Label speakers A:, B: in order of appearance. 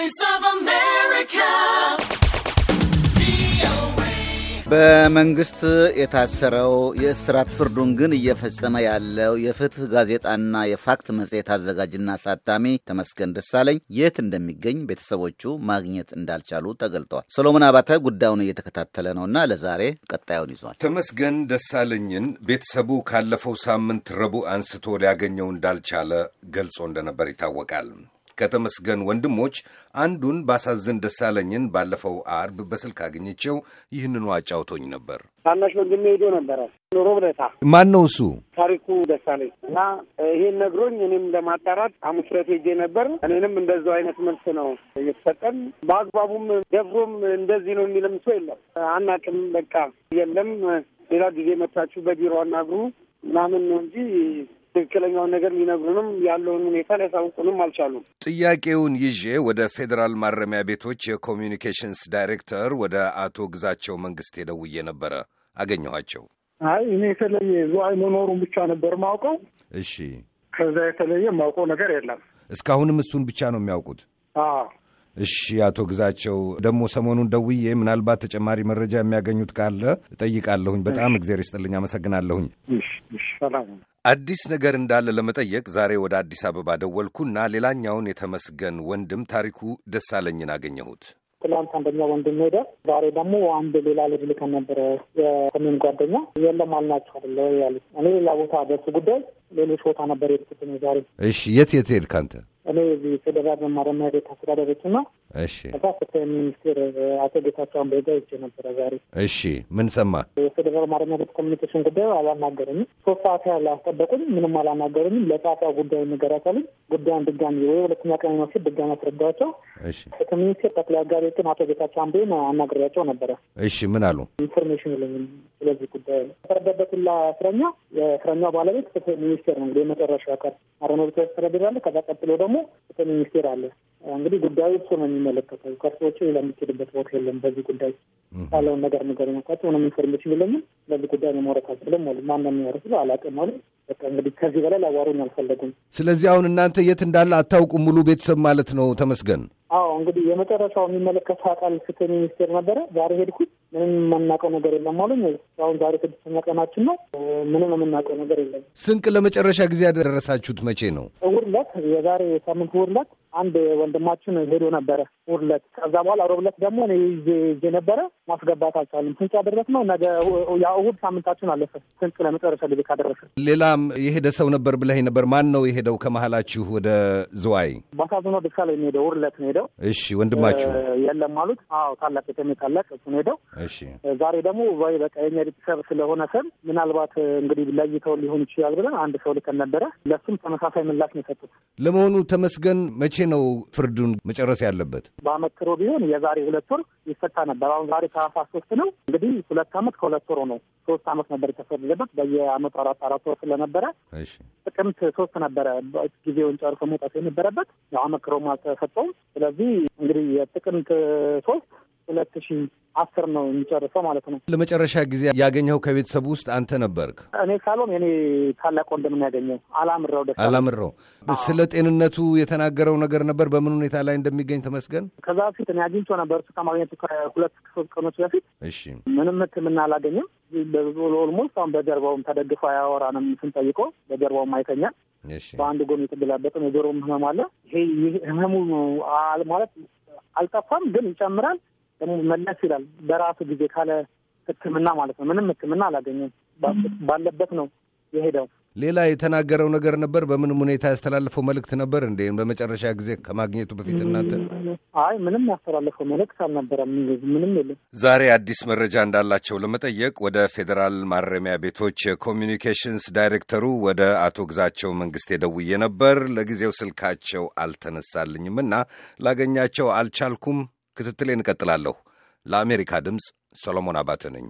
A: Voice of America. በመንግስት የታሰረው የእስራት ፍርዱን ግን እየፈጸመ ያለው የፍትህ ጋዜጣና የፋክት መጽሔት አዘጋጅና አሳታሚ ተመስገን ደሳለኝ የት እንደሚገኝ ቤተሰቦቹ ማግኘት እንዳልቻሉ ተገልጧል። ሰሎሞን አባተ ጉዳዩን እየተከታተለ ነውና ለዛሬ ቀጣዩን ይዟል። ተመስገን ደሳለኝን ቤተሰቡ ካለፈው ሳምንት ረቡዕ አንስቶ ሊያገኘው እንዳልቻለ ገልጾ እንደነበር ይታወቃል። ከተመስገን ወንድሞች አንዱን ባሳዝን ደሳለኝን ባለፈው አርብ በስልክ አገኘቸው። ይህንኑ አጫውቶኝ ነበር። ታናሽ ወንድሜ ሄዶ ነበረ ሮብለታ ማን ነው እሱ? ታሪኩ ደሳለኝ
B: እና ይህን ነግሮኝ እኔም ለማጣራት ሐሙስ ዕለት ሄጄ ነበር። እኔንም እንደዛው አይነት መልስ ነው እየተሰጠን። በአግባቡም ደፍሮም እንደዚህ ነው የሚልም ሰው የለም። አናቅም በቃ የለም ሌላ ጊዜ መታችሁ በቢሮ አናግሩ ምናምን ነው እንጂ ትክክለኛውን ነገር ሊነግሩንም ያለውን ሁኔታ ሊያሳውቁንም አልቻሉም።
A: ጥያቄውን ይዤ ወደ ፌዴራል ማረሚያ ቤቶች የኮሚዩኒኬሽንስ ዳይሬክተር ወደ አቶ ግዛቸው መንግስት ደውዬ ነበረ። አገኘኋቸው።
B: አይ እኔ የተለየ ዝዋይ መኖሩን ብቻ ነበር ማውቀው። እሺ፣ ከዛ የተለየ ማውቀው ነገር የለም።
A: እስካሁንም እሱን ብቻ ነው የሚያውቁት። እሺ፣ አቶ ግዛቸው ደግሞ ሰሞኑን ደውዬ ምናልባት ተጨማሪ መረጃ የሚያገኙት ካለ እጠይቃለሁኝ። በጣም እግዜር ይስጥልኝ፣ አመሰግናለሁኝ። አዲስ ነገር እንዳለ ለመጠየቅ ዛሬ ወደ አዲስ አበባ ደወልኩና ሌላኛውን የተመስገን ወንድም ታሪኩ ደሳለኝን አገኘሁት።
B: ትላንት አንደኛ ወንድም ሄደ። ዛሬ ደግሞ አንድ ሌላ ልጅ ልከን ነበረ። የሰሜን ጓደኛ የለም አልናቸው አለ ያሉት። እኔ ሌላ ቦታ በሱ ጉዳይ ሌሎች ቦታ ነበር የሄድኩት ዛሬ።
A: እሺ፣ የት የት ሄድክ አንተ?
B: እኔ እዚህ ፌደራል መማሪያና ቤት አስተዳደሮች ና እሺ እዛ ፍትህ ሚኒስቴር አቶ ጌታቸው አምቦጋ ይቼ ነበረ ዛሬ።
A: እሺ ምን ሰማ?
B: የፌደራል መማሪያና ቤት ኮሚኒኬሽን ጉዳዩ አላናገረኝም። ሶስት ሰዓት ያህል አስጠበቁኝ። ምንም አላናገረኝም። ለጻፊያ ጉዳዩ ነገር አካልኝ ጉዳዩን ድጋሚ ወይ ሁለተኛ ቀን መውሰድ ድጋሚ አስረዳቸው። እሺ ፍትህ ሚኒስቴር ጠቅላይ አጋሪዎችን አቶ ጌታቸው አምቦን አናግሬያቸው ነበረ። እሺ ምን አሉ? ኢንፎርሜሽን የለኝም ስለዚህ ጉዳይ ነው። የተፈረደበት ሁላ እስረኛ የእስረኛው ባለቤት ፍትህ ሚኒስቴር ነው እንግዲህ የመጨረሻ አካል አረኖ ቤት ያስተዳድራለ። ከዛ ቀጥሎ ደግሞ ደግሞ ፍትህ ሚኒስቴር አለ። እንግዲህ ጉዳዩ እሱ ነው የሚመለከተው። ከርሶች ለምትሄድበት ቦታ የለም። በዚህ ጉዳይ ያለውን ነገር ነገር መቋጭ ምንም ኢንፎርሜሽን የለኝም። በዚህ ጉዳይ መሞረት አልችልም። ወ ማን የሚያርስ አላውቅም አሉ። በቃ እንግዲህ ከዚህ በላይ ላዋሩኝ አልፈለጉም።
A: ስለዚህ አሁን እናንተ የት እንዳለ አታውቁም። ሙሉ ቤተሰብ ማለት ነው። ተመስገን
B: አዎ እንግዲህ የመጨረሻው የሚመለከት አካል ፍትህ ሚኒስቴር ነበረ። ዛሬ ሄድኩት። ምንም የማናውቀው ነገር የለም አሉኝ። አሁን ዛሬ ስድስተኛ ቀናችን ነው። ምንም የምናውቀው ነገር የለም።
A: ስንቅ ለመጨረሻ ጊዜ ያደረሳችሁት መቼ ነው?
B: እሑድ ዕለት፣ የዛሬ ሳምንት እሑድ ዕለት አንድ ወንድማችን ሄዶ ነበረ እሑድ ዕለት። ከዛ በኋላ ረቡዕ ዕለት ደግሞ እኔ ይዤ ይዤ ነበረ ማስገባት አልቻለም። ስንቅ ያደረስ ነው ነገ ያው እሑድ ሳምንታችን አለፈ። ስንቅ ለመጨረሻ ጊዜ ካደረሰ
A: ሌላም የሄደ ሰው ነበር ብለኸኝ ነበር። ማን ነው የሄደው ከመሀላችሁ ወደ ዝዋይ?
B: ባሳዝኖ ደስታ ላይ ሄደው እሑድ ዕለት ነው ሄደው
A: እሺ ወንድማችሁ
B: የለም አሉት። አዎ ታላቅ የተሜ ታላቅ እሱን ሄደው እሺ ዛሬ ደግሞ ወይ በቃ የኛ ቤተሰብ ስለሆነ ስም ምናልባት እንግዲህ ለይተው ሊሆን ይችላል ብለን አንድ ሰው ልከን ነበረ። ለሱም ተመሳሳይ ምላሽ ነው የሰጡት።
A: ለመሆኑ ተመስገን መቼ ነው ፍርዱን መጨረስ ያለበት?
B: በአመክሮ ቢሆን የዛሬ ሁለት ወር ይፈታ ነበር። አሁን ዛሬ ታህሳስ ሶስት ነው እንግዲህ ሁለት አመት ከሁለት ወር ነው። ሶስት አመት ነበር የተፈረደበት በየአመቱ አራት አራት ወር ስለነበረ ጥቅምት ሶስት ነበረ ጊዜውን ጨርሶ መውጣት የነበረበት። አመክሮም አልተሰጠውም። ስለዚህ እንግዲህ የጥቅምት ሶስት ሁለት ሺ አስር ነው የሚጨርሰው ማለት ነው።
A: ለመጨረሻ ጊዜ ያገኘው ከቤተሰብ ውስጥ አንተ ነበርክ?
B: እኔ ሳሎም የኔ ታላቅ ወንድምን ያገኘው አላምረው ደ
A: አላምረው ስለ ጤንነቱ የተናገረው ነገር ነበር። በምን ሁኔታ ላይ እንደሚገኝ ተመስገን
B: ከዛ በፊት እኔ አግኝቶ ነበር። እሱ ከማግኘቱ ከሁለት ሶስት ቀኖች በፊት
A: እሺ፣ ምንም
B: ሕክምና አላገኘም። ኦልሞስት አሁን በጀርባውም ተደግፎ አያወራንም። ስንጠይቀው በጀርባውም አይተኛም። በአንድ ጎን የተገላበጠ የጆሮም ህመም አለ። ይሄ ህመሙ ማለት አልጠፋም፣ ግን ይጨምራል፣ መለስ ይላል። በራሱ ጊዜ ካለ ህክምና ማለት ነው። ምንም ህክምና አላገኘም፣ ባለበት ነው የሄደው።
A: ሌላ የተናገረው ነገር ነበር? በምንም ሁኔታ ያስተላለፈው መልእክት ነበር እንዴ? በመጨረሻ ጊዜ ከማግኘቱ በፊት እናንተ?
B: አይ ምንም ያስተላለፈው መልእክት አልነበረም። ምንም የለም።
A: ዛሬ አዲስ መረጃ እንዳላቸው ለመጠየቅ ወደ ፌዴራል ማረሚያ ቤቶች የኮሚኒኬሽንስ ዳይሬክተሩ ወደ አቶ ግዛቸው መንግስቴ ደውዬ ነበር። ለጊዜው ስልካቸው አልተነሳልኝም እና ላገኛቸው አልቻልኩም። ክትትሌን እቀጥላለሁ። ለአሜሪካ ድምፅ ሰሎሞን አባተ ነኝ።